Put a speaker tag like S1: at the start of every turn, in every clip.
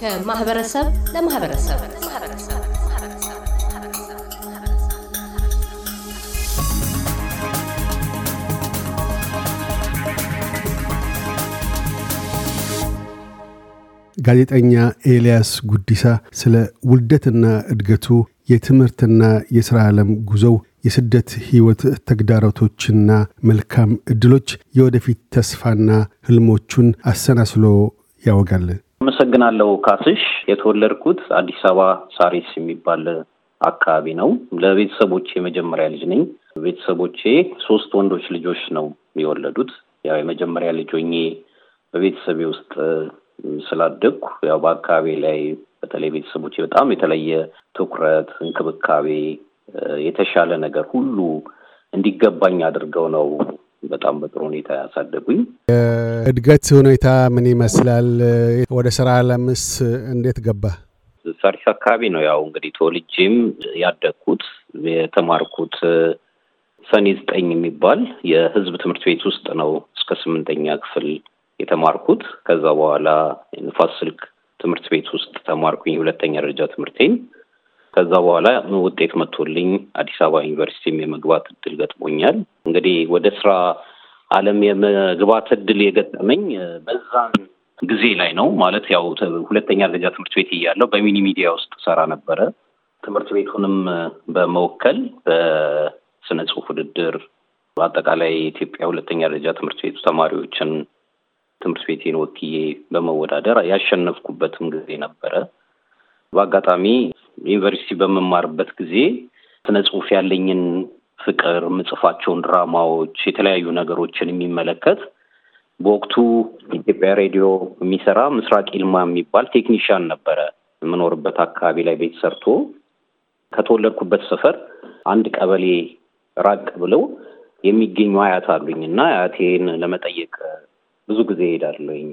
S1: ከማህበረሰብ ለማህበረሰብ ጋዜጠኛ ኤልያስ ጉዲሳ ስለ ውልደትና እድገቱ የትምህርትና የሥራ ዓለም ጉዞው፣ የስደት ሕይወት ተግዳሮቶችና መልካም ዕድሎች፣ የወደፊት ተስፋና ህልሞቹን አሰናስሎ ያወጋል።
S2: አመሰግናለሁ ካስሽ። የተወለድኩት አዲስ አበባ ሳሪስ የሚባል አካባቢ ነው። ለቤተሰቦቼ የመጀመሪያ ልጅ ነኝ። ቤተሰቦቼ ሶስት ወንዶች ልጆች ነው የወለዱት። ያው የመጀመሪያ ልጅ ሆኜ በቤተሰቤ ውስጥ ስላደግኩ ያው በአካባቢ ላይ በተለይ ቤተሰቦች በጣም የተለየ ትኩረት፣ እንክብካቤ፣ የተሻለ ነገር ሁሉ እንዲገባኝ አድርገው ነው በጣም በጥሩ ሁኔታ ያሳደጉኝ።
S1: የእድገት ሁኔታ ምን ይመስላል? ወደ ስራ ዓለምስ እንዴት ገባ?
S2: ሳሪስ አካባቢ ነው ያው እንግዲህ ተወልጄም ያደግኩት የተማርኩት ሰኔ ዘጠኝ የሚባል የህዝብ ትምህርት ቤት ውስጥ ነው እስከ ስምንተኛ ክፍል የተማርኩት። ከዛ በኋላ ንፋስ ስልክ ትምህርት ቤት ውስጥ ተማርኩኝ ሁለተኛ ደረጃ ትምህርቴን። ከዛ በኋላ ውጤት መጥቶልኝ አዲስ አበባ ዩኒቨርሲቲም የመግባት እድል ገጥሞኛል። እንግዲህ ወደ ስራ አለም የመግባት እድል የገጠመኝ በዛን ጊዜ ላይ ነው። ማለት ያው ሁለተኛ ደረጃ ትምህርት ቤት እያለሁ በሚኒ ሚዲያ ውስጥ ሰራ ነበረ። ትምህርት ቤቱንም በመወከል በስነ ጽሁፍ ውድድር በአጠቃላይ የኢትዮጵያ ሁለተኛ ደረጃ ትምህርት ቤቱ ተማሪዎችን ትምህርት ቤቴን ወክዬ በመወዳደር ያሸነፍኩበትም ጊዜ ነበረ። በአጋጣሚ ዩኒቨርሲቲ በመማርበት ጊዜ ስነ ጽሁፍ ያለኝን ፍቅር ምጽፋቸውን ድራማዎች፣ የተለያዩ ነገሮችን የሚመለከት በወቅቱ ኢትዮጵያ ሬዲዮ የሚሰራ ምስራቅ ይልማ የሚባል ቴክኒሽያን ነበረ። የምኖርበት አካባቢ ላይ ቤት ሰርቶ ከተወለድኩበት ሰፈር አንድ ቀበሌ ራቅ ብለው የሚገኙ አያት አሉኝ እና አያቴን ለመጠየቅ ብዙ ጊዜ እሄዳለሁኝ።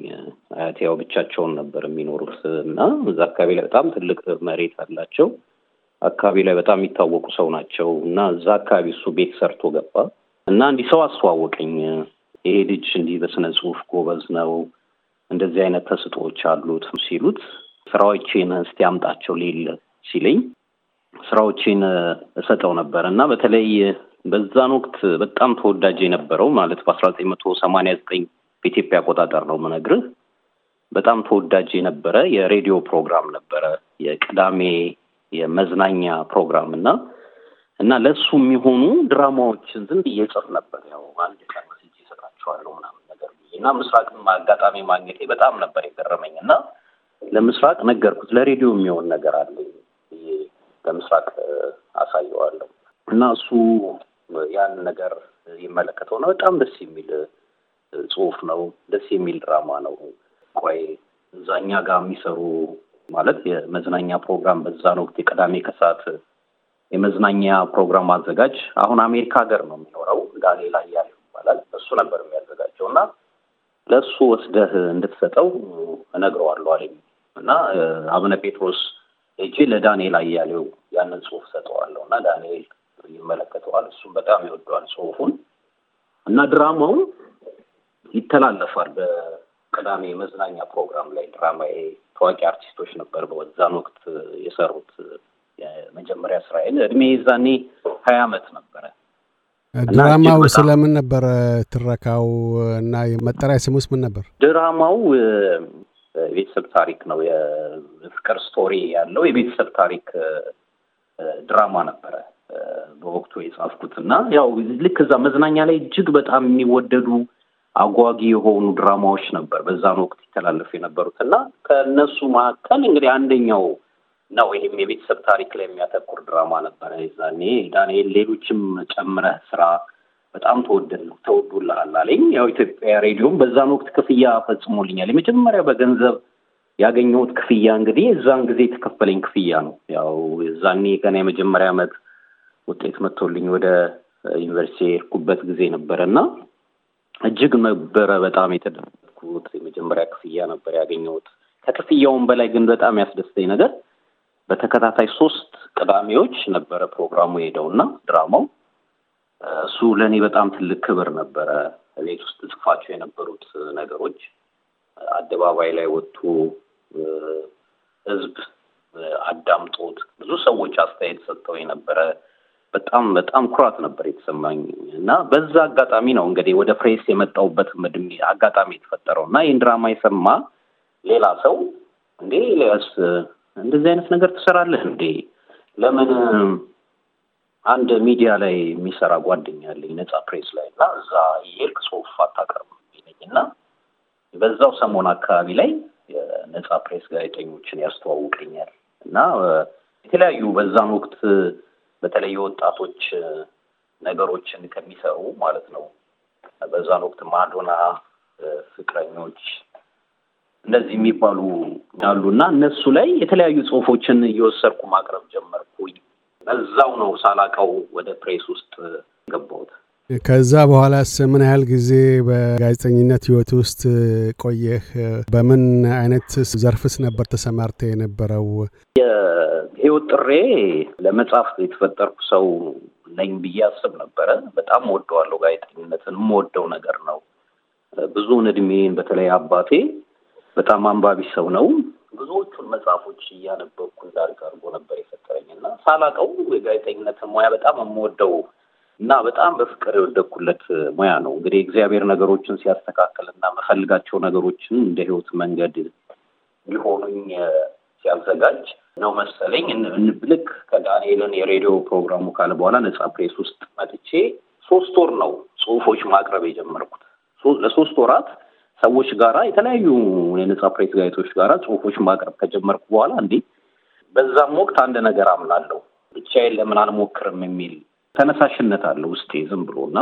S2: አያቴ ያው ብቻቸውን ነበር የሚኖሩት እና እዛ አካባቢ ላይ በጣም ትልቅ መሬት አላቸው። አካባቢ ላይ በጣም የሚታወቁ ሰው ናቸው እና እዛ አካባቢ እሱ ቤት ሰርቶ ገባ እና እንዲህ ሰው አስተዋወቀኝ። ይሄ ልጅ እንዲህ በስነ ጽሁፍ ጎበዝ ነው፣ እንደዚህ አይነት ተስጦዎች አሉት ሲሉት ስራዎቼን እስቲ አምጣቸው ሌለ ሲለኝ ስራዎቼን እሰጠው ነበር እና በተለይ በዛን ወቅት በጣም ተወዳጅ የነበረው ማለት በአስራ ዘጠኝ መቶ ሰማንያ ዘጠኝ በኢትዮጵያ አቆጣጠር ነው ምነግርህ። በጣም ተወዳጅ የነበረ የሬዲዮ ፕሮግራም ነበረ፣ የቅዳሜ የመዝናኛ ፕሮግራም እና እና ለእሱ የሚሆኑ ድራማዎችን ዝም ብዬ ነበር። ያው አንድ ቀን ይሰጣቸዋለሁ ምናምን ነገር እና ምስራቅ አጋጣሚ ማግኘቴ በጣም ነበር የገረመኝ እና ለምስራቅ ነገርኩት፣ ለሬዲዮ የሚሆን ነገር አለ ለምስራቅ አሳየዋለሁ እና እሱ ያን ነገር ነው በጣም ደስ የሚል ጽሁፍ ነው። ደስ የሚል ድራማ ነው። ቆይ እዛኛ ጋር የሚሰሩ ማለት የመዝናኛ ፕሮግራም በዛን ወቅት የቅዳሜ ከሰዓት የመዝናኛ ፕሮግራም አዘጋጅ አሁን አሜሪካ ሀገር ነው የሚኖረው፣ ላይ ያለ ይባላል። እሱ ነበር የሚያዘጋጀው እና ለእሱ ወስደህ እንድትሰጠው እነግረዋለሁ አለኝ እና አቡነ ጴጥሮስ እጅ ለዳንኤል አያሌው ያንን ጽሁፍ ሰጠዋለሁ እና ዳንኤል ይመለከተዋል። እሱም በጣም ይወደዋል ጽሁፉን እና ድራማው ይተላለፋል። በቅዳሜ መዝናኛ ፕሮግራም ላይ ድራማ ታዋቂ አርቲስቶች ነበር በዛን ወቅት የሰሩት የመጀመሪያ ስራ እድሜ ዛኔ ሀያ አመት ነበረ።
S1: ድራማው ስለምን ነበር ትረካው? እና መጠሪያ ስሙስ ምን ነበር?
S2: ድራማው የቤተሰብ ታሪክ ነው። የፍቅር ስቶሪ ያለው የቤተሰብ ታሪክ ድራማ ነበረ በወቅቱ የጻፍኩት እና ያው ልክ እዛ መዝናኛ ላይ እጅግ በጣም የሚወደዱ አጓጊ የሆኑ ድራማዎች ነበር በዛን ወቅት ይተላለፉ የነበሩት እና ከእነሱ መካከል እንግዲህ አንደኛው ነው። ይህም የቤተሰብ ታሪክ ላይ የሚያተኩር ድራማ ነበረ። ዛኔ ዳንኤል፣ ሌሎችም ጨምረህ ስራ በጣም ተወደድ አለኝ። ያው ኢትዮጵያ ሬዲዮም በዛን ወቅት ክፍያ ፈጽሞልኛል። የመጀመሪያ በገንዘብ ያገኘሁት ክፍያ እንግዲህ እዛን ጊዜ የተከፈለኝ ክፍያ ነው። ያው እዛኔ ገና የመጀመሪያ አመት ውጤት መጥቶልኝ ወደ ዩኒቨርሲቲ የሄድኩበት ጊዜ ነበረ እና እጅግ ነበረ በጣም የተደሰትኩት። የመጀመሪያ ክፍያ ነበር ያገኘሁት። ከክፍያውም በላይ ግን በጣም ያስደስተኝ ነገር በተከታታይ ሶስት ቅዳሜዎች ነበረ ፕሮግራሙ የሄደው እና ድራማው እሱ ለእኔ በጣም ትልቅ ክብር ነበረ። ቤት ውስጥ ጽፋቸው የነበሩት ነገሮች አደባባይ ላይ ወጥቶ ህዝብ አዳምጦት ብዙ ሰዎች አስተያየት ሰጥተው የነበረ በጣም በጣም ኩራት ነበር የተሰማኝ እና በዛ አጋጣሚ ነው እንግዲህ ወደ ፕሬስ የመጣውበት ምድሜ አጋጣሚ የተፈጠረው እና ይህን ድራማ የሰማ ሌላ ሰው እንዴ ኤልያስ እንደዚህ አይነት ነገር ትሰራለህ እንዴ? ለምን አንድ ሚዲያ ላይ የሚሰራ ጓደኛ አለኝ ነጻ ፕሬስ ላይ እና እዛ የሄድክ ጽሁፍ አታቀርብም ይለኝ እና በዛው ሰሞን አካባቢ ላይ ነጻ ፕሬስ ጋዜጠኞችን ያስተዋውቀኛል እና የተለያዩ በዛን ወቅት በተለይ ወጣቶች ነገሮችን ከሚሰሩ ማለት ነው። በዛን ወቅት ማዶና፣ ፍቅረኞች እንደዚህ የሚባሉ አሉ እና እነሱ ላይ የተለያዩ ጽሁፎችን እየወሰድኩ ማቅረብ ጀመርኩኝ። በዛው ነው ሳላቀው ወደ ፕሬስ ውስጥ ገባሁት።
S1: ከዛ በኋላስ ምን ያህል ጊዜ በጋዜጠኝነት ህይወት ውስጥ ቆየህ? በምን አይነት ዘርፍስ ነበር ተሰማርተ የነበረው?
S2: የህይወት ጥሬ ለመጻፍ የተፈጠርኩ ሰው ነኝ ብዬ አስብ ነበረ። በጣም ወደዋለሁ። ጋዜጠኝነትን የምወደው ነገር ነው። ብዙውን እድሜን በተለይ አባቴ በጣም አንባቢ ሰው ነው። ብዙዎቹን መጽሐፎች እያነበብኩ እንዳድግ አድርጎ ነበር የፈጠረኝ እና ሳላቀው የጋዜጠኝነትን ሙያ በጣም የምወደው እና በጣም በፍቅር የወደኩለት ሙያ ነው። እንግዲህ እግዚአብሔር ነገሮችን ሲያስተካከል እና መፈልጋቸው ነገሮችን እንደ ህይወት መንገድ ሊሆኑኝ ሲያዘጋጅ ነው መሰለኝ። እንብልክ ከዳንኤልን የሬዲዮ ፕሮግራሙ ካለ በኋላ ነጻ ፕሬስ ውስጥ መጥቼ ሶስት ወር ነው ጽሁፎች ማቅረብ የጀመርኩት። ለሶስት ወራት ሰዎች ጋራ የተለያዩ የነጻ ፕሬስ ጋዜጦች ጋራ ጽሁፎች ማቅረብ ከጀመርኩ በኋላ እንዲህ በዛም ወቅት አንድ ነገር አምናለሁ ብቻዬን ለምን አልሞክርም የሚል ተነሳሽነት አለ ውስጤ ዝም ብሎ እና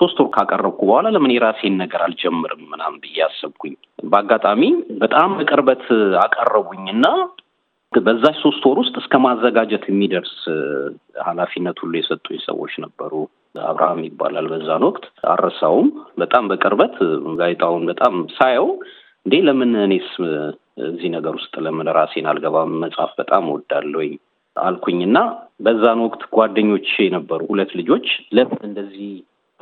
S2: ሶስት ወር ካቀረብኩ በኋላ ለምን የራሴን ነገር አልጀምርም ምናምን ብዬ አሰብኩኝ። በአጋጣሚ በጣም በቅርበት አቀረቡኝ እና በዛች ሶስት ወር ውስጥ እስከ ማዘጋጀት የሚደርስ ኃላፊነት ሁሉ የሰጡኝ ሰዎች ነበሩ። አብርሃም ይባላል። በዛን ወቅት አረሳውም። በጣም በቅርበት ጋዜጣውን በጣም ሳየው እንዴ ለምን እኔስ እዚህ ነገር ውስጥ ለምን ራሴን አልገባም? መጽሐፍ በጣም እወዳለሁኝ አልኩኝና በዛን ወቅት ጓደኞች የነበሩ ሁለት ልጆች ለምን እንደዚህ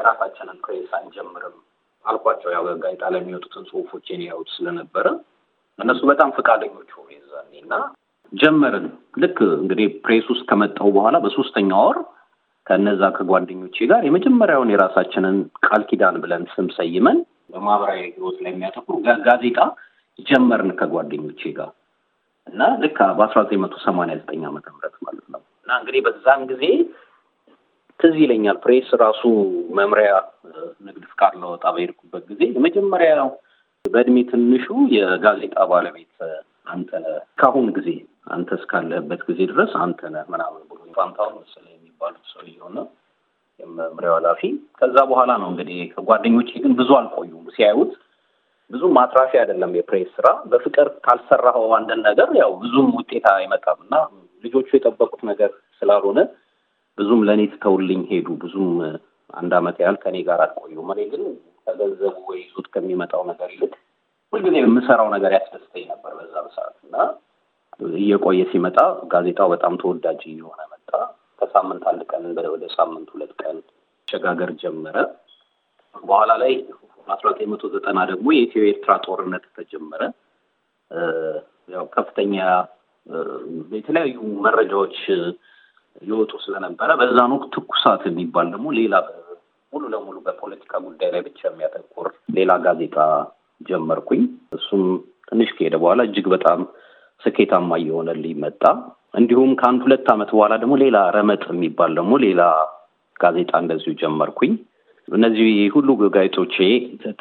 S2: ራሳችንን ፕሬስ አንጀምርም አልኳቸው። ያው ጋዜጣ ላይ የሚወጡትን ጽሁፎች ያዩት ስለነበረ እነሱ በጣም ፈቃደኞች ሆኑ የዛኔ እና ጀመርን። ልክ እንግዲህ ፕሬስ ውስጥ ከመጣሁ በኋላ በሶስተኛ ወር ከነዛ ከጓደኞቼ ጋር የመጀመሪያውን የራሳችንን ቃል ኪዳን ብለን ስም ሰይመን በማህበራዊ ህይወት ላይ የሚያተኩር ጋዜጣ ጀመርን ከጓደኞቼ ጋር እና ልክ በአስራ ዘጠኝ መቶ ሰማንያ ዘጠኝ ዓመተ ምህረት ማለት ነው እና እንግዲህ በዛን ጊዜ ትዝ ይለኛል ፕሬስ ራሱ መምሪያ ንግድ ፍቃድ ለወጣ በሄድኩበት ጊዜ የመጀመሪያ በእድሜ ትንሹ የጋዜጣ ባለቤት አንተ እስካሁን ጊዜ አንተ እስካለህበት ጊዜ ድረስ አንተነህ ምናምን ብሎ ፋንታውን መሰለኝ የሚባሉት ሰው ነው የመምሪያው ኃላፊ። ከዛ በኋላ ነው እንግዲህ ከጓደኞቼ ግን ብዙ አልቆዩም ሲያዩት ብዙ ማትራፊ አይደለም። የፕሬስ ስራ በፍቅር ካልሰራኸው አንድን ነገር ያው ብዙም ውጤት አይመጣም እና ልጆቹ የጠበቁት ነገር ስላልሆነ ብዙም ለእኔ ትተውልኝ ሄዱ። ብዙም አንድ አመት ያህል ከኔ ጋር አልቆዩም። እኔ ግን ከገንዘቡ ወይ ይዞት ከሚመጣው ነገር ይልቅ ሁልጊዜ የምሰራው ነገር ያስደስተኝ ነበር በዛ በሰዓት እና እየቆየ ሲመጣ ጋዜጣው በጣም ተወዳጅ እየሆነ መጣ። ከሳምንት አንድ ቀን ወደ ሳምንት ሁለት ቀን ሸጋገር ጀመረ። በኋላ ላይ በአስራ ዘጠኝ መቶ ዘጠና ደግሞ የኢትዮ ኤርትራ ጦርነት ተጀመረ። ያው ከፍተኛ የተለያዩ መረጃዎች ይወጡ ስለነበረ በዛን ወቅት ትኩሳት የሚባል ደግሞ ሌላ ሙሉ ለሙሉ በፖለቲካ ጉዳይ ላይ ብቻ የሚያተኩር ሌላ ጋዜጣ ጀመርኩኝ። እሱም ትንሽ ከሄደ በኋላ እጅግ በጣም ስኬታማ እየሆነልኝ መጣ። እንዲሁም ከአንድ ሁለት ዓመት በኋላ ደግሞ ሌላ ረመጥ የሚባል ደግሞ ሌላ ጋዜጣ እንደዚሁ ጀመርኩኝ። እነዚህ ሁሉ ጋዜጦቼ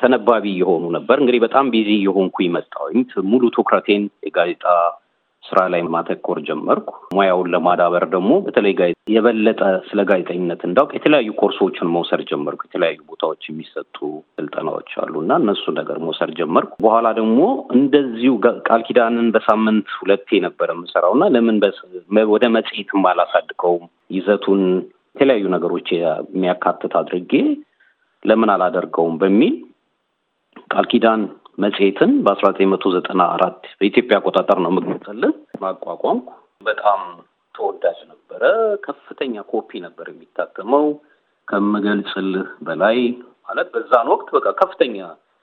S2: ተነባቢ የሆኑ ነበር። እንግዲህ በጣም ቢዚ የሆንኩ መጣሁኝ። ሙሉ ትኩረቴን የጋዜጣ ስራ ላይ ማተኮር ጀመርኩ። ሙያውን ለማዳበር ደግሞ በተለይ የበለጠ ስለ ጋዜጠኝነት እንዳውቅ የተለያዩ ኮርሶችን መውሰድ ጀመርኩ። የተለያዩ ቦታዎች የሚሰጡ ስልጠናዎች አሉ እና እነሱ ነገር መውሰድ ጀመርኩ። በኋላ ደግሞ እንደዚሁ ቃል ኪዳንን በሳምንት ሁለቴ ነበር የምሰራው እና ለምን ወደ መጽሔትም አላሳድቀውም ይዘቱን የተለያዩ ነገሮች የሚያካትት አድርጌ ለምን አላደርገውም በሚል ቃልኪዳን መጽሄትን መጽሔትን በአስራ ዘጠኝ መቶ ዘጠና አራት በኢትዮጵያ አቆጣጠር ነው የምገልጸልን ማቋቋም በጣም ተወዳጅ ነበረ። ከፍተኛ ኮፒ ነበር የሚታተመው ከምገልጽልህ በላይ ማለት በዛን ወቅት በቃ ከፍተኛ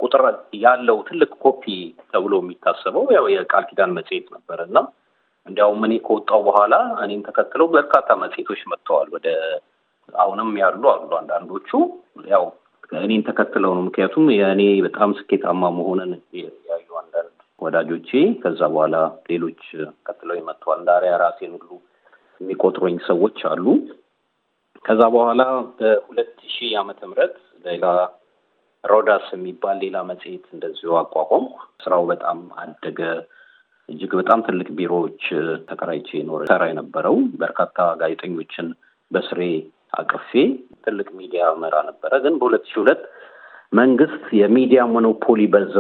S2: ቁጥር ያለው ትልቅ ኮፒ ተብሎ የሚታሰበው ያው የቃል ኪዳን መጽሄት ነበር እና እንዲያውም እኔ ከወጣው በኋላ እኔም ተከትለው በርካታ መጽሄቶች መጥተዋል። ወደ አሁንም ያሉ አሉ። አንዳንዶቹ ያው እኔን ተከትለው ነው። ምክንያቱም የእኔ በጣም ስኬታማ መሆንን ያዩ አንዳንድ ወዳጆቼ ከዛ በኋላ ሌሎች ቀጥለው ይመጥተዋል እንዳሪያ ራሴን ሁሉ የሚቆጥሩኝ ሰዎች አሉ። ከዛ በኋላ በሁለት ሺህ ዓመተ ምህረት ሌላ ሮዳስ የሚባል ሌላ መጽሔት እንደዚሁ አቋቋም። ስራው በጣም አደገ። እጅግ በጣም ትልቅ ቢሮዎች ተከራይቼ ኖረ ሰራ የነበረው በርካታ ጋዜጠኞችን በስሬ አቅፌ ትልቅ ሚዲያ መራ ነበረ። ግን በሁለት ሺህ ሁለት መንግስት የሚዲያ ሞኖፖሊ በዛ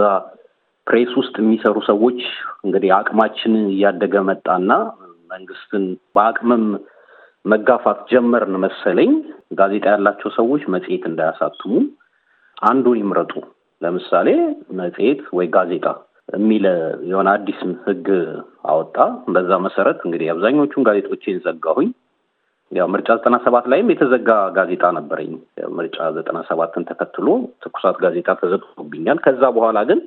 S2: ፕሬስ ውስጥ የሚሰሩ ሰዎች እንግዲህ አቅማችን እያደገ መጣና መንግስትን በአቅምም መጋፋት ጀመርን መሰለኝ። ጋዜጣ ያላቸው ሰዎች መጽሔት እንዳያሳትሙ አንዱን ይምረጡ፣ ለምሳሌ መጽሔት ወይ ጋዜጣ የሚል የሆነ አዲስ ህግ አወጣ። በዛ መሰረት እንግዲህ አብዛኞቹን ጋዜጦቼን ዘጋሁኝ። ያው ምርጫ ዘጠና ሰባት ላይም የተዘጋ ጋዜጣ ነበረኝ። ምርጫ ዘጠና ሰባትን ተከትሎ ትኩሳት ጋዜጣ ተዘግቶብኛል። ከዛ በኋላ ግን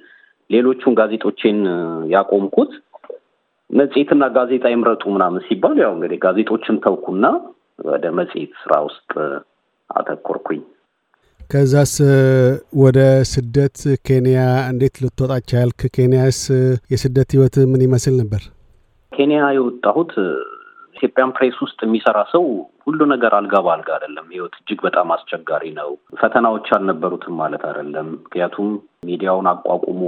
S2: ሌሎቹን ጋዜጦቼን ያቆምኩት መጽሔትና ጋዜጣ ይምረጡ ምናምን ሲባል ያው እንግዲህ ጋዜጦችን ተውኩና ወደ መጽሔት ስራ ውስጥ አተኮርኩኝ።
S1: ከዛስ ወደ ስደት ኬንያ እንዴት ልትወጣ ቻልክ? ኬንያስ የስደት ህይወት ምን ይመስል ነበር?
S2: ኬንያ የወጣሁት ኢትዮጵያን ፕሬስ ውስጥ የሚሰራ ሰው ሁሉ ነገር አልጋ በአልጋ አይደለም። ህይወት እጅግ በጣም አስቸጋሪ ነው። ፈተናዎች አልነበሩትም ማለት አይደለም። ምክንያቱም ሚዲያውን አቋቁሞ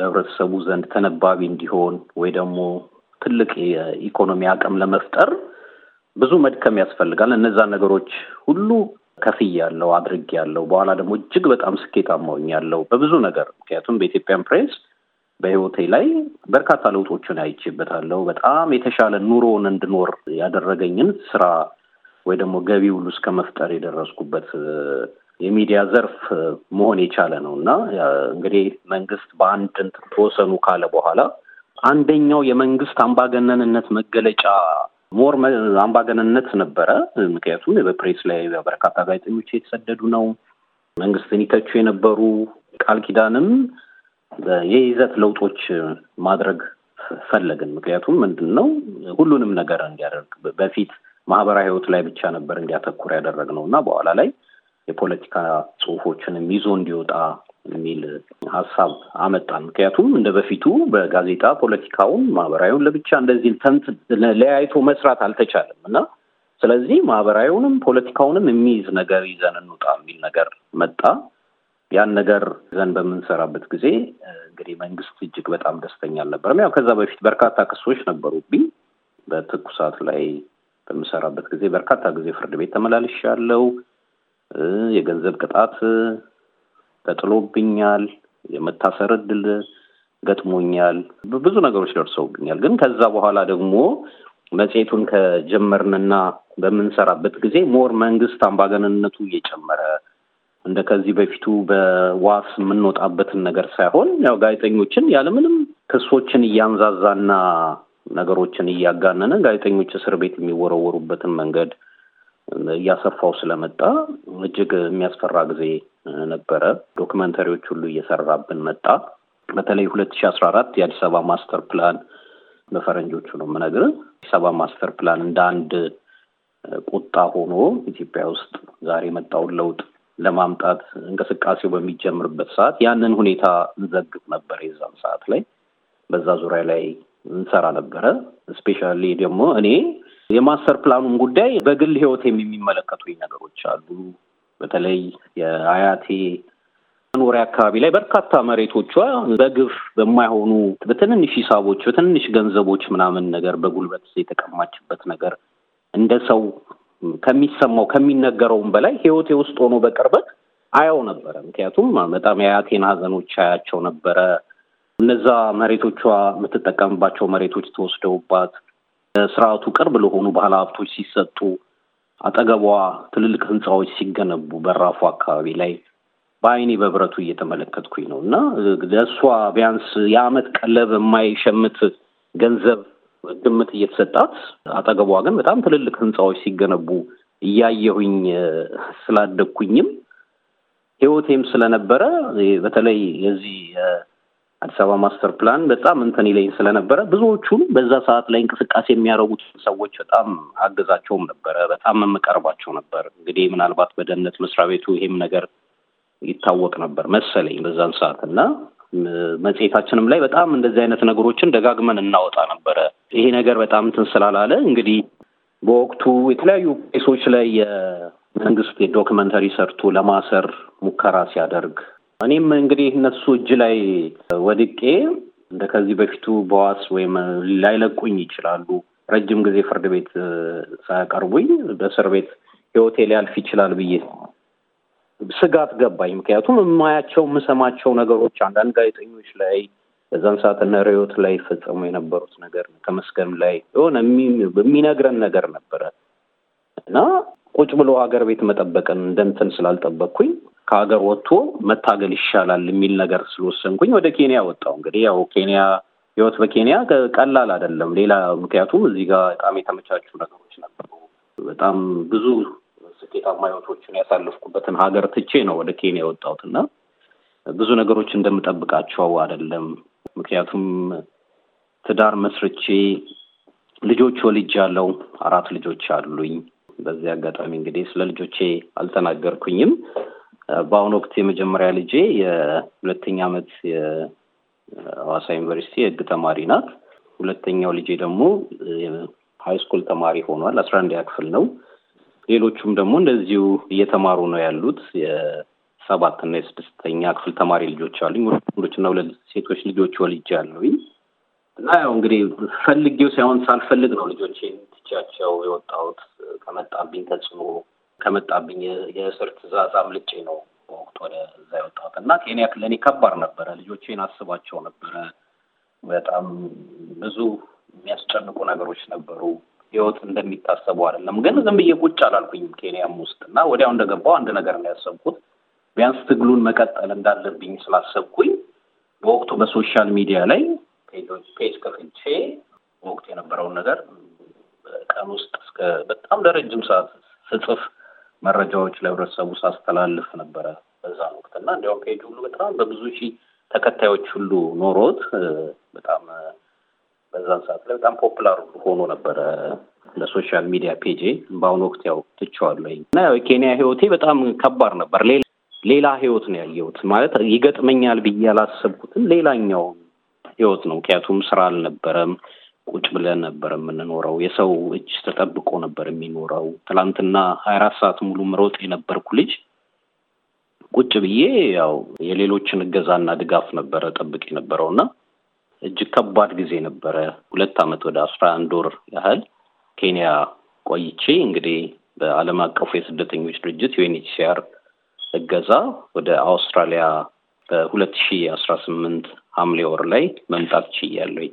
S2: ለህብረተሰቡ ዘንድ ተነባቢ እንዲሆን ወይ ደግሞ ትልቅ የኢኮኖሚ አቅም ለመፍጠር ብዙ መድከም ያስፈልጋል። እነዛ ነገሮች ሁሉ ከፍዬ ያለው አድርጌ ያለው በኋላ ደግሞ እጅግ በጣም ስኬታማ ያለው በብዙ ነገር ምክንያቱም በኢትዮጵያን ፕሬስ በህይወቴ ላይ በርካታ ለውጦችን አይቼበታለሁ። በጣም የተሻለ ኑሮን እንድኖር ያደረገኝን ስራ ወይ ደግሞ ገቢ ሁሉ እስከ መፍጠር የደረስኩበት የሚዲያ ዘርፍ መሆን የቻለ ነው እና እንግዲህ መንግስት በአንድ እንትን ተወሰኑ ካለ በኋላ አንደኛው የመንግስት አምባገነንነት መገለጫ ሞር አምባገነንነት ነበረ። ምክንያቱም በፕሬስ ላይ በርካታ ጋዜጠኞች የተሰደዱ ነው። መንግስትን ይተቹ የነበሩ ቃል ኪዳንም የይዘት ለውጦች ማድረግ ፈለግን። ምክንያቱም ምንድን ነው ሁሉንም ነገር እንዲያደርግ በፊት ማህበራዊ ህይወት ላይ ብቻ ነበር እንዲያተኩር ነው እና በኋላ ላይ የፖለቲካ ጽሁፎችንም ይዞ እንዲወጣ የሚል ሀሳብ አመጣን። ምክንያቱም እንደ በፊቱ በጋዜጣ ፖለቲካውን፣ ማህበራዊውን ለብቻ እንደዚህ ተንት ለያይቶ መስራት አልተቻለም እና ስለዚህ ማህበራዊውንም ፖለቲካውንም የሚይዝ ነገር ይዘን እንውጣ የሚል ነገር መጣ። ያን ነገር ዘን በምንሰራበት ጊዜ እንግዲህ መንግስት እጅግ በጣም ደስተኛ አልነበረም። ያው ከዛ በፊት በርካታ ክሶች ነበሩብኝ። በትኩሳት ላይ በምሰራበት ጊዜ በርካታ ጊዜ ፍርድ ቤት ተመላልሻለሁ። የገንዘብ ቅጣት ተጥሎብኛል። የመታሰር እድል ገጥሞኛል። ብዙ ነገሮች ደርሰውብኛል። ግን ከዛ በኋላ ደግሞ መጽሔቱን ከጀመርንና በምንሰራበት ጊዜ ሞር መንግስት አምባገነንነቱ እየጨመረ እንደ ከዚህ በፊቱ በዋስ የምንወጣበትን ነገር ሳይሆን ያው ጋዜጠኞችን ያለምንም ክሶችን እያንዛዛና ነገሮችን እያጋነነ ጋዜጠኞች እስር ቤት የሚወረወሩበትን መንገድ እያሰፋው ስለመጣ እጅግ የሚያስፈራ ጊዜ ነበረ። ዶክመንተሪዎች ሁሉ እየሰራብን መጣ። በተለይ ሁለት ሺ አስራ አራት የአዲስ አበባ ማስተር ፕላን በፈረንጆቹ ነው የምነግርህ። አዲስ አበባ ማስተር ፕላን እንደ አንድ ቁጣ ሆኖ ኢትዮጵያ ውስጥ ዛሬ የመጣውን ለውጥ ለማምጣት እንቅስቃሴው በሚጀምርበት ሰዓት ያንን ሁኔታ እንዘግብ ነበር። የዛም ሰዓት ላይ በዛ ዙሪያ ላይ እንሰራ ነበረ። እስፔሻሊ ደግሞ እኔ የማስተር ፕላኑን ጉዳይ በግል ህይወቴም የሚመለከቱኝ ነገሮች አሉ። በተለይ የአያቴ መኖሪያ አካባቢ ላይ በርካታ መሬቶቿ በግፍ በማይሆኑ በትንንሽ ሂሳቦች፣ በትንንሽ ገንዘቦች ምናምን ነገር በጉልበት የተቀማችበት ነገር እንደ ሰው ከሚሰማው ከሚነገረውም በላይ ህይወቴ ውስጥ ሆኖ በቅርበት አየው ነበረ። ምክንያቱም በጣም የአያቴን ሀዘኖች አያቸው ነበረ። እነዛ መሬቶቿ የምትጠቀምባቸው መሬቶች ተወስደውባት ስርዓቱ ቅርብ ለሆኑ ባለ ሀብቶች ሲሰጡ አጠገቧ ትልልቅ ህንፃዎች ሲገነቡ በራፉ አካባቢ ላይ በአይኔ በብረቱ እየተመለከትኩኝ ነው እና ለእሷ ቢያንስ የአመት ቀለብ የማይሸምት ገንዘብ ግምት እየተሰጣት አጠገቧ ግን በጣም ትልልቅ ህንፃዎች ሲገነቡ እያየሁኝ ስላደግኩኝም ህይወቴም ስለነበረ በተለይ የዚህ አዲስ አበባ ማስተር ፕላን በጣም እንትን ይለኝ ስለነበረ ብዙዎቹም በዛ ሰዓት ላይ እንቅስቃሴ የሚያረጉት ሰዎች በጣም አገዛቸውም ነበረ። በጣም የምቀርባቸው ነበር። እንግዲህ ምናልባት በደህንነት መስሪያ ቤቱ ይሄም ነገር ይታወቅ ነበር መሰለኝ በዛን ሰዓት እና መጽሔታችንም ላይ በጣም እንደዚህ አይነት ነገሮችን ደጋግመን እናወጣ ነበረ። ይሄ ነገር በጣም እንትን ስላላለ እንግዲህ በወቅቱ የተለያዩ ሶች ላይ የመንግስት የዶክመንተሪ ሰርቶ ለማሰር ሙከራ ሲያደርግ እኔም እንግዲህ እነሱ እጅ ላይ ወድቄ እንደ ከዚህ በፊቱ በዋስ ወይም ላይለቁኝ ይችላሉ፣ ረጅም ጊዜ ፍርድ ቤት ሳያቀርቡኝ በእስር ቤት ህይወቴ ሊያልፍ ይችላል ብዬ ስጋት ገባኝ። ምክንያቱም የማያቸው የምሰማቸው ነገሮች አንዳንድ ጋዜጠኞች ላይ በዛን ሰዓት እነ ላይ ፈጸሙ የነበሩት ነገር ተመስገን ላይ የሆነ የሚነግረን ነገር ነበረ እና ቁጭ ብሎ ሀገር ቤት መጠበቅን እንደምትን ስላልጠበቅኩኝ ከሀገር ወጥቶ መታገል ይሻላል የሚል ነገር ስለወሰንኩኝ ወደ ኬንያ ወጣው። እንግዲህ ያው ኬንያ ህይወት በኬንያ ቀላል አይደለም። ሌላ ምክንያቱም እዚህ ጋር በጣም የተመቻቹ ነገሮች ነበሩ። በጣም ብዙ ስኬታማ ህይወቶችን ያሳለፍኩበትን ሀገር ትቼ ነው ወደ ኬንያ የወጣሁት እና ብዙ ነገሮች እንደምጠብቃቸው አይደለም። ምክንያቱም ትዳር መስርቼ ልጆች ወልጅ ያለው አራት ልጆች አሉኝ። በዚህ አጋጣሚ እንግዲህ ስለ ልጆቼ አልተናገርኩኝም። በአሁኑ ወቅት የመጀመሪያ ልጄ የሁለተኛ ዓመት የሐዋሳ ዩኒቨርሲቲ የህግ ተማሪ ናት። ሁለተኛው ልጄ ደግሞ ሃይስኩል ተማሪ ሆኗል። አስራ አንድ ክፍል ነው። ሌሎቹም ደግሞ እንደዚሁ እየተማሩ ነው ያሉት። የሰባት እና የስድስተኛ ክፍል ተማሪ ልጆች አሉኝ። ወንዶች ወንዶችና ሁለት ሴቶች ልጆች ወልጃለሁኝ። እና ያው እንግዲህ ፈልጌው ሳይሆን ሳልፈልግ ነው ልጆቼን ትቻቸው የወጣሁት። ከመጣብኝ ተጽዕኖ ከመጣብኝ የእስር ትዕዛዝ አምልጬ ነው በወቅቱ ወደ እዛ የወጣሁት እና ኬንያ ለእኔ ከባድ ነበረ። ልጆቼን አስባቸው ነበረ። በጣም ብዙ የሚያስጨንቁ ነገሮች ነበሩ። ህይወት እንደሚታሰቡ አይደለም። ግን ዝም ብዬ ቁጭ አላልኩኝም ኬንያም ውስጥ እና ወዲያው እንደገባው አንድ ነገር ነው ያሰብኩት። ቢያንስ ትግሉን መቀጠል እንዳለብኝ ስላሰብኩኝ በወቅቱ በሶሻል ሚዲያ ላይ ፔጅ ከፍቼ በወቅቱ የነበረውን ነገር ቀን ውስጥ እስከ በጣም ለረጅም ሰዓት ስጽፍ መረጃዎች ለህብረተሰቡ ሳስተላልፍ ነበረ በዛን ወቅት እና እንዲያውም ፔጅ ሁሉ በጣም በብዙ ሺህ ተከታዮች ሁሉ ኖሮት በጣም በዛን ሰዓት ላይ በጣም ፖፕላር ሆኖ ነበረ ለሶሻል ሚዲያ ፔጄ። በአሁኑ ወቅት ያው ትቼዋለሁኝ እና ያው የኬንያ ህይወቴ በጣም ከባድ ነበር። ሌላ ህይወት ነው ያየሁት። ማለት ይገጥመኛል ብዬ ያላሰብኩትን ሌላኛው ህይወት ነው። ምክንያቱም ስራ አልነበረም። ቁጭ ብለን ነበር የምንኖረው። የሰው እጅ ተጠብቆ ነበር የሚኖረው። ትላንትና ሀያ አራት ሰዓት ሙሉ ምሮጥ የነበርኩ ልጅ ቁጭ ብዬ ያው የሌሎችን እገዛና ድጋፍ ነበረ ጠብቅ የነበረው እና እጅግ ከባድ ጊዜ ነበረ። ሁለት ዓመት ወደ አስራ አንድ ወር ያህል ኬንያ ቆይቼ እንግዲህ በዓለም አቀፉ የስደተኞች ድርጅት ዩኤንኤችሲአር እገዛ ወደ አውስትራሊያ በሁለት ሺ አስራ ስምንት ሐምሌ ወር ላይ መምጣት ችያለኝ።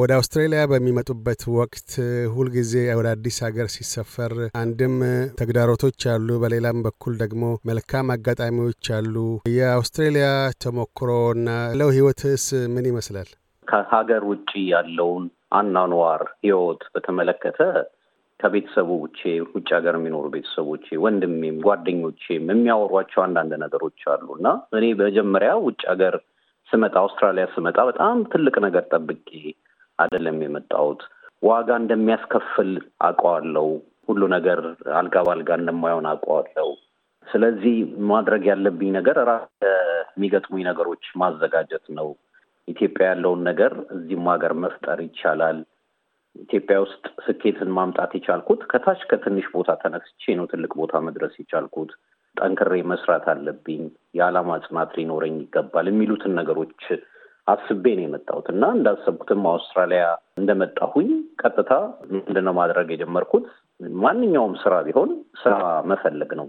S1: ወደ አውስትራሊያ በሚመጡበት ወቅት ሁልጊዜ ወደ አዲስ ሀገር ሲሰፈር አንድም ተግዳሮቶች አሉ፣ በሌላም በኩል ደግሞ መልካም አጋጣሚዎች አሉ። የአውስትሬሊያ ተሞክሮና ለው ህይወትስ ምን ይመስላል?
S2: ከሀገር ውጭ ያለውን አኗኗር ህይወት በተመለከተ ከቤተሰቦቼ ውጭ ሀገር የሚኖሩ ቤተሰቦቼ፣ ወንድሜም ጓደኞቼም የሚያወሯቸው አንዳንድ ነገሮች አሉ እና እኔ መጀመሪያ ውጭ ሀገር ስመጣ አውስትራሊያ ስመጣ በጣም ትልቅ ነገር ጠብቄ አይደለም የመጣሁት። ዋጋ እንደሚያስከፍል አውቀዋለሁ። ሁሉ ነገር አልጋ ባልጋ እንደማይሆን አውቀዋለሁ። ስለዚህ ማድረግ ያለብኝ ነገር ራስ የሚገጥሙኝ ነገሮች ማዘጋጀት ነው። ኢትዮጵያ ያለውን ነገር እዚህም ሀገር መፍጠር ይቻላል። ኢትዮጵያ ውስጥ ስኬትን ማምጣት የቻልኩት ከታች ከትንሽ ቦታ ተነስቼ ነው ትልቅ ቦታ መድረስ የቻልኩት። ጠንክሬ መስራት አለብኝ፣ የዓላማ ጽናት ሊኖረኝ ይገባል የሚሉትን ነገሮች አስቤ ነው የመጣሁት እና እንዳሰብኩትም አውስትራሊያ እንደመጣሁኝ ቀጥታ ምንድነው ማድረግ የጀመርኩት ማንኛውም ስራ ቢሆን ስራ መፈለግ ነው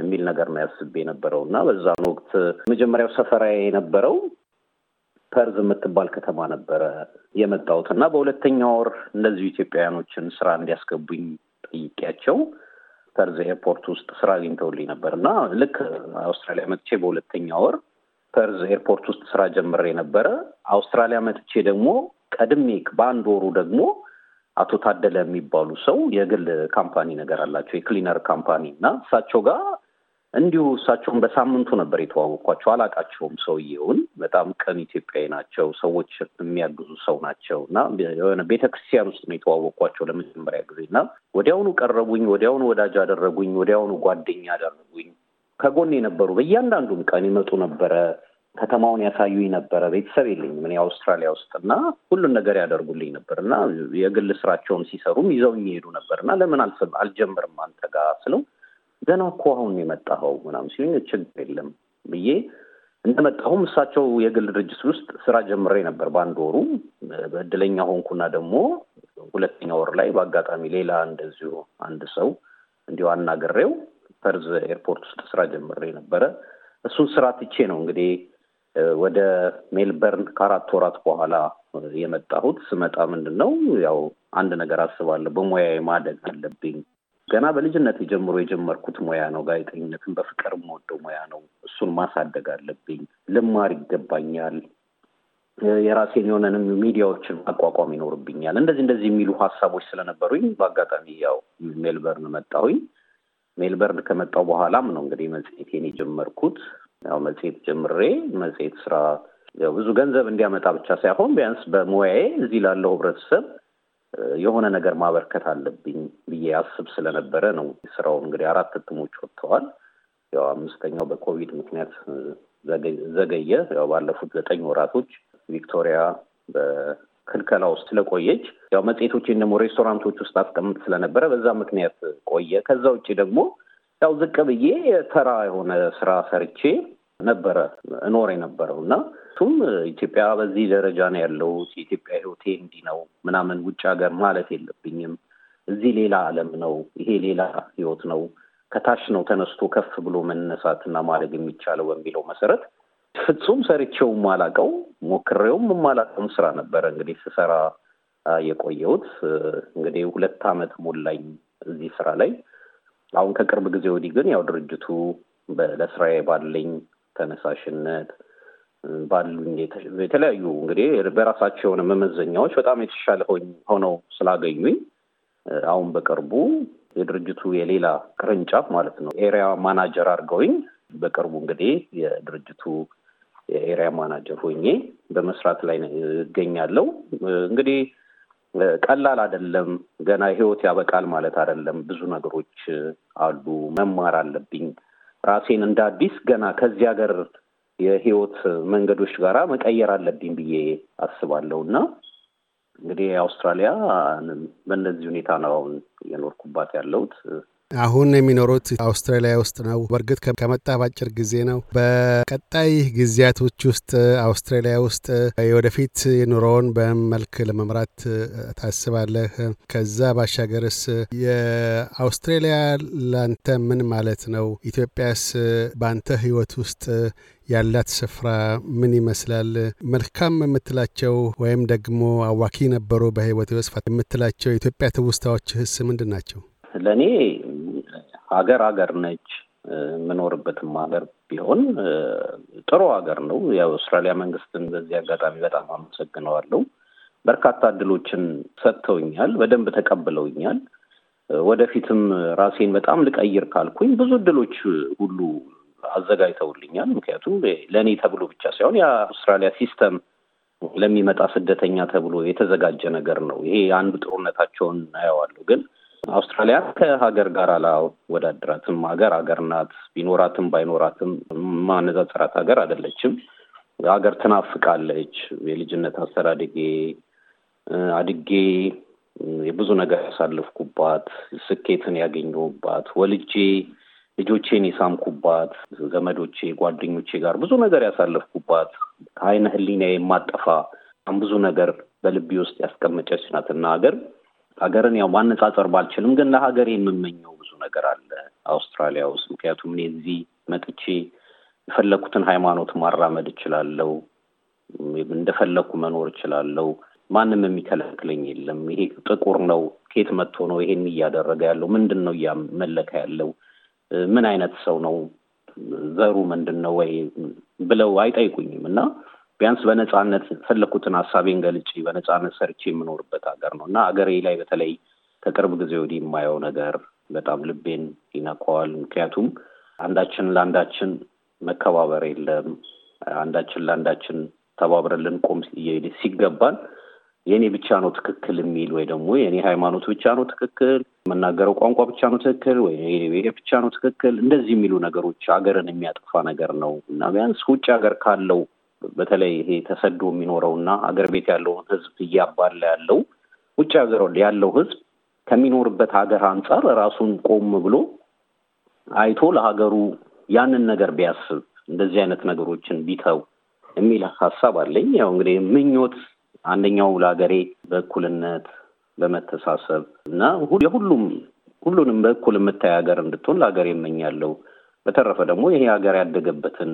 S2: የሚል ነገር ነው ያስቤ የነበረው እና በዛን ወቅት መጀመሪያው ሰፈራ የነበረው ፐርዝ የምትባል ከተማ ነበረ የመጣሁት እና በሁለተኛ ወር እንደዚሁ ኢትዮጵያውያኖችን ስራ እንዲያስገቡኝ ጠይቄያቸው ፐርዝ ኤርፖርት ውስጥ ስራ አግኝተውልኝ ነበር እና ልክ አውስትራሊያ መጥቼ በሁለተኛ ወር ፐርዝ ኤርፖርት ውስጥ ስራ ጀምሬ ነበረ። አውስትራሊያ መጥቼ ደግሞ ቀድሜ በአንድ ወሩ ደግሞ አቶ ታደለ የሚባሉ ሰው የግል ካምፓኒ ነገር አላቸው የክሊነር ካምፓኒ እና እሳቸው ጋር እንዲሁ እሳቸውን በሳምንቱ ነበር የተዋወቅኳቸው። አላቃቸውም ሰውየውን። በጣም ቀን ኢትዮጵያዊ ናቸው። ሰዎች የሚያግዙ ሰው ናቸው እና የሆነ ቤተክርስቲያን ውስጥ ነው የተዋወቅኳቸው ለመጀመሪያ ጊዜ እና ወዲያውኑ ቀረቡኝ፣ ወዲያውኑ ወዳጅ አደረጉኝ፣ ወዲያውኑ ጓደኛ አደረጉኝ። ከጎን የነበሩ በእያንዳንዱም ቀን ይመጡ ነበረ። ከተማውን ያሳዩኝ ነበረ። ቤተሰብ የለኝ ምን አውስትራሊያ ውስጥ እና ሁሉን ነገር ያደርጉልኝ ነበር እና የግል ስራቸውን ሲሰሩም ይዘው ይሄዱ ነበር እና ለምን አልጀምርም አንተ ጋር ስለው ገና እኮ አሁን የመጣኸው ምናም ሲሉኝ ችግር የለም ብዬ እንደመጣሁም እሳቸው የግል ድርጅት ውስጥ ስራ ጀምሬ ነበር። በአንድ ወሩ በእድለኛ ሆንኩና ደግሞ ሁለተኛ ወር ላይ በአጋጣሚ ሌላ እንደዚሁ አንድ ሰው እንዲሁ አናግሬው ፐርዝ ኤርፖርት ውስጥ ስራ ጀምሬ ነበረ። እሱን ስራ ትቼ ነው እንግዲህ ወደ ሜልበርን ከአራት ወራት በኋላ የመጣሁት። ስመጣ ምንድን ነው ያው አንድ ነገር አስባለሁ፣ በሙያ ማደግ አለብኝ። ገና በልጅነት ጀምሮ የጀመርኩት ሙያ ነው ጋዜጠኝነትን፣ በፍቅር የምወደው ሙያ ነው። እሱን ማሳደግ አለብኝ፣ ልማር ይገባኛል፣ የራሴን የሆነንም ሚዲያዎችን ማቋቋም ይኖርብኛል። እንደዚህ እንደዚህ የሚሉ ሀሳቦች ስለነበሩኝ በአጋጣሚ ያው ሜልበርን መጣሁኝ። ሜልበርን ከመጣው በኋላም ነው እንግዲህ መጽሄቴን የጀመርኩት። ያው መጽሄት ጀምሬ መጽሔት ስራ ያው ብዙ ገንዘብ እንዲያመጣ ብቻ ሳይሆን ቢያንስ በሙያዬ እዚህ ላለው ህብረተሰብ የሆነ ነገር ማበርከት አለብኝ ብዬ አስብ ስለነበረ ነው። ስራውን እንግዲህ አራት እትሞች ወጥተዋል። ያው አምስተኛው በኮቪድ ምክንያት ዘገየ። ያው ባለፉት ዘጠኝ ወራቶች ቪክቶሪያ ክልከላ ውስጥ ስለቆየች ያው መጽሔቶችን ደግሞ ሬስቶራንቶች ውስጥ አስቀምጥ ስለነበረ በዛ ምክንያት ቆየ። ከዛ ውጭ ደግሞ ያው ዝቅ ብዬ ተራ የሆነ ስራ ሰርቼ ነበረ እኖር የነበረው እና እሱም ኢትዮጵያ በዚህ ደረጃ ነው ያለሁት፣ የኢትዮጵያ ህይወቴ እንዲህ ነው ምናምን ውጭ ሀገር ማለት የለብኝም እዚህ ሌላ ዓለም ነው፣ ይሄ ሌላ ህይወት ነው፣ ከታች ነው ተነስቶ ከፍ ብሎ መነሳትና ማድረግ የሚቻለው በሚለው መሰረት ፍጹም ሰርቼው የማላውቀው ሞክሬውም የማላውቀውም ስራ ነበረ እንግዲህ ስሰራ የቆየሁት እንግዲህ ሁለት አመት ሞላኝ እዚህ ስራ ላይ። አሁን ከቅርብ ጊዜ ወዲህ ግን ያው ድርጅቱ ለስራዬ ባለኝ ተነሳሽነት ባሉኝ የተለያዩ እንግዲህ በራሳቸው የሆነ መመዘኛዎች በጣም የተሻለ ሆነው ስላገኙኝ አሁን በቅርቡ የድርጅቱ የሌላ ቅርንጫፍ ማለት ነው ኤሪያ ማናጀር አድርገውኝ በቅርቡ እንግዲህ የድርጅቱ የኤሪያ ማናጀር ሆኜ በመስራት ላይ እገኛለሁ። እንግዲህ ቀላል አይደለም። ገና ህይወት ያበቃል ማለት አይደለም። ብዙ ነገሮች አሉ። መማር አለብኝ። ራሴን እንደ አዲስ ገና ከዚህ ሀገር የህይወት መንገዶች ጋራ መቀየር አለብኝ ብዬ አስባለሁ እና እንግዲህ አውስትራሊያ በእነዚህ ሁኔታ ነው አሁን የኖርኩባት ያለሁት።
S1: አሁን የሚኖሩት አውስትራሊያ ውስጥ ነው። በእርግጥ ከመጣ ባጭር ጊዜ ነው። በቀጣይ ጊዜያቶች ውስጥ አውስትራሊያ ውስጥ የወደፊት ኑሮውን በመልክ ለመምራት ታስባለህ? ከዛ ባሻገርስ የአውስትሬሊያ ላንተ ምን ማለት ነው? ኢትዮጵያስ በአንተ ህይወት ውስጥ ያላት ስፍራ ምን ይመስላል? መልካም የምትላቸው ወይም ደግሞ አዋኪ ነበሩ በህይወት ውስጥ የምትላቸው የኢትዮጵያ ትውስታዎችህስ ምንድን ናቸው?
S2: ለእኔ ሀገር ሀገር ነች። የምኖርበትም ሀገር ቢሆን ጥሩ ሀገር ነው። የአውስትራሊያ መንግስትን በዚህ አጋጣሚ በጣም አመሰግነዋለሁ። በርካታ እድሎችን ሰጥተውኛል። በደንብ ተቀብለውኛል። ወደፊትም ራሴን በጣም ልቀይር ካልኩኝ ብዙ እድሎች ሁሉ አዘጋጅተውልኛል። ምክንያቱም ለእኔ ተብሎ ብቻ ሳይሆን የአውስትራሊያ ሲስተም ለሚመጣ ስደተኛ ተብሎ የተዘጋጀ ነገር ነው። ይሄ አንዱ ጥሩነታቸውን አየዋለሁ ግን አውስትራሊያ ከሀገር ጋር አላወዳድራትም። ሀገር ሀገር ናት። ቢኖራትም ባይኖራትም ማነጻጸራት ሀገር አይደለችም። ሀገር ትናፍቃለች። የልጅነት አስተዳደጌ አድጌ የብዙ ነገር ያሳልፍኩባት፣ ስኬትን ያገኘሁባት፣ ወልጄ ልጆቼን የሳምኩባት፣ ዘመዶቼ ጓደኞቼ ጋር ብዙ ነገር ያሳለፍኩባት ከአይነ ህሊና የማጠፋ ብዙ ነገር በልቤ ውስጥ ያስቀመጨች ናትና ሀገር ሀገርን ያው ማነጻጸር ባልችልም ግን ለሀገር የምመኘው ብዙ ነገር አለ አውስትራሊያ ውስጥ። ምክንያቱም እኔ እዚህ መጥቼ የፈለግኩትን ሃይማኖት ማራመድ እችላለሁ፣ እንደፈለግኩ መኖር እችላለሁ። ማንም የሚከለክለኝ የለም። ይሄ ጥቁር ነው፣ ኬት መጥቶ ነው ይሄን እያደረገ ያለው? ምንድን ነው እያመለከ ያለው? ምን አይነት ሰው ነው? ዘሩ ምንድን ነው ወይ ብለው አይጠይቁኝም እና ቢያንስ በነፃነት ፈለኩትን ሀሳቤን ገልጬ በነፃነት ሰርቼ የምኖርበት ሀገር ነው እና ሀገሬ ላይ በተለይ ከቅርብ ጊዜ ወዲህ የማየው ነገር በጣም ልቤን ይነካዋል። ምክንያቱም አንዳችን ለአንዳችን መከባበር የለም። አንዳችን ለአንዳችን ተባብረን ልንቆም ሲገባን የእኔ ብቻ ነው ትክክል የሚል ወይ ደግሞ የእኔ ሃይማኖት ብቻ ነው ትክክል፣ የምናገረው ቋንቋ ብቻ ነው ትክክል፣ ወይ የእኔ ብቻ ነው ትክክል፣ እንደዚህ የሚሉ ነገሮች ሀገርን የሚያጠፋ ነገር ነው እና ቢያንስ ውጭ ሀገር ካለው በተለይ ይሄ ተሰዶ የሚኖረውና አገር ቤት ያለውን ህዝብ እያባለ ያለው ውጭ ሀገር ያለው ህዝብ ከሚኖርበት ሀገር አንጻር ራሱን ቆም ብሎ አይቶ ለሀገሩ ያንን ነገር ቢያስብ እንደዚህ አይነት ነገሮችን ቢተው የሚል ሀሳብ አለኝ። ያው እንግዲህ ምኞት አንደኛው ለሀገሬ በእኩልነት በመተሳሰብ እና የሁሉም ሁሉንም በእኩል የምታይ ሀገር እንድትሆን ለሀገር የመኛለው። በተረፈ ደግሞ ይሄ ሀገር ያደገበትን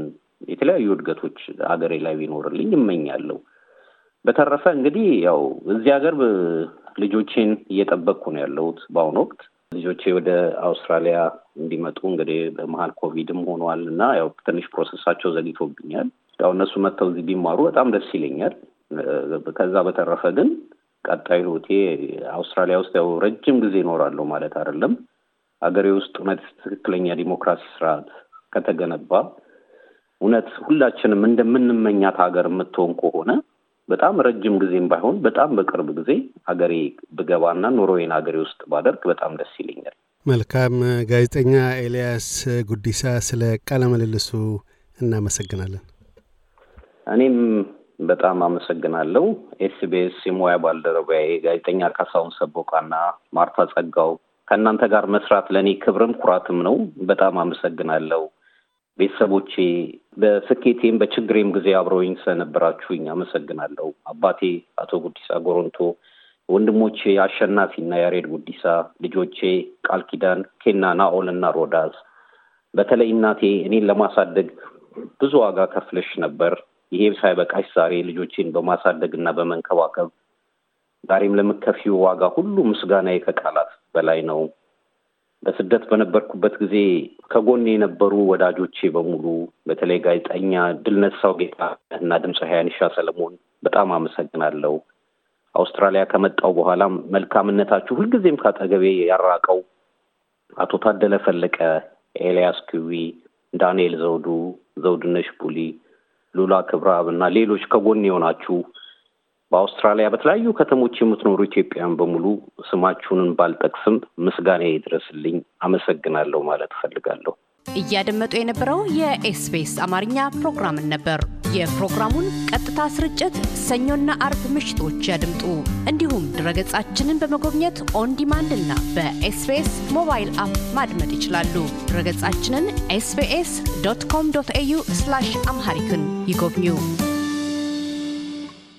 S2: የተለያዩ እድገቶች ሀገሬ ላይ ቢኖርልኝ ይመኛለው በተረፈ እንግዲህ ያው እዚህ ሀገር ልጆቼን እየጠበቅኩ ነው ያለሁት በአሁኑ ወቅት ልጆቼ ወደ አውስትራሊያ እንዲመጡ እንግዲህ በመሀል ኮቪድም ሆኗል እና ያው ትንሽ ፕሮሰሳቸው ዘግቶብኛል። ያው እነሱ መጥተው እዚህ ቢማሩ በጣም ደስ ይለኛል። ከዛ በተረፈ ግን ቀጣይ ህይወቴ አውስትራሊያ ውስጥ ያው ረጅም ጊዜ ይኖራለሁ ማለት አይደለም። ሀገሬ ውስጥ እውነት ትክክለኛ ዲሞክራሲ ስርዓት ከተገነባ እውነት ሁላችንም እንደምንመኛት ሀገር የምትሆን ከሆነ በጣም ረጅም ጊዜም ባይሆን በጣም በቅርብ ጊዜ ሀገሬ ብገባና ኑሮዬን ሀገሬ ውስጥ ባደርግ በጣም ደስ ይለኛል።
S1: መልካም ጋዜጠኛ ኤልያስ ጉዲሳ ስለ ቃለ ምልልሱ እናመሰግናለን።
S2: እኔም በጣም አመሰግናለሁ። ኤስቢኤስ የሙያ ባልደረባዬ ጋዜጠኛ ካሳሁን ሰቦቃና ማርታ ጸጋው ከእናንተ ጋር መስራት ለእኔ ክብርም ኩራትም ነው። በጣም አመሰግናለሁ። ቤተሰቦቼ በስኬቴም በችግሬም ጊዜ አብረውኝ ስለነበራችሁኝ አመሰግናለሁ። አባቴ አቶ ጉዲሳ ጎረንቶ ወንድሞቼ አሸናፊና ያሬድ ጉዲሳ፣ ልጆቼ ቃል ኪዳን፣ ኬና፣ ናኦል እና ሮዳስ፣ በተለይ እናቴ እኔን ለማሳደግ ብዙ ዋጋ ከፍለሽ ነበር። ይሄ ሳይበቃሽ ዛሬ ልጆቼን በማሳደግ እና በመንከባከብ ዛሬም ለምከፊው ዋጋ ሁሉ ምስጋናዬ ከቃላት በላይ ነው። በስደት በነበርኩበት ጊዜ ከጎኔ የነበሩ ወዳጆቼ በሙሉ በተለይ ጋዜጠኛ ድልነሳው ጌታ እና ድምፅ ሀያንሻ ሰለሞን በጣም አመሰግናለሁ። አውስትራሊያ ከመጣው በኋላም መልካምነታችሁ ሁልጊዜም ካጠገቤ ያራቀው አቶ ታደለ ፈለቀ፣ ኤልያስ ኪዊ፣ ዳንኤል ዘውዱ፣ ዘውድነሽ ቡሊ፣ ሉላ ክብረአብ እና ሌሎች ከጎኔ የሆናችሁ በአውስትራሊያ በተለያዩ ከተሞች የምትኖሩ ኢትዮጵያን በሙሉ ስማችሁንም ባልጠቅስም ምስጋና ይድረስልኝ፣ አመሰግናለሁ ማለት እፈልጋለሁ። እያደመጡ የነበረው የኤስቢኤስ አማርኛ ፕሮግራምን ነበር። የፕሮግራሙን ቀጥታ ስርጭት ሰኞና አርብ ምሽቶች ያድምጡ። እንዲሁም ድረገጻችንን በመጎብኘት ኦንዲማንድ
S1: እና በኤስቢኤስ ሞባይል አፕ ማድመጥ ይችላሉ። ድረገጻችንን ኤስቢኤስ ዶት ኮም ዶት ኤዩ አምሃሪክን ይጎብኙ።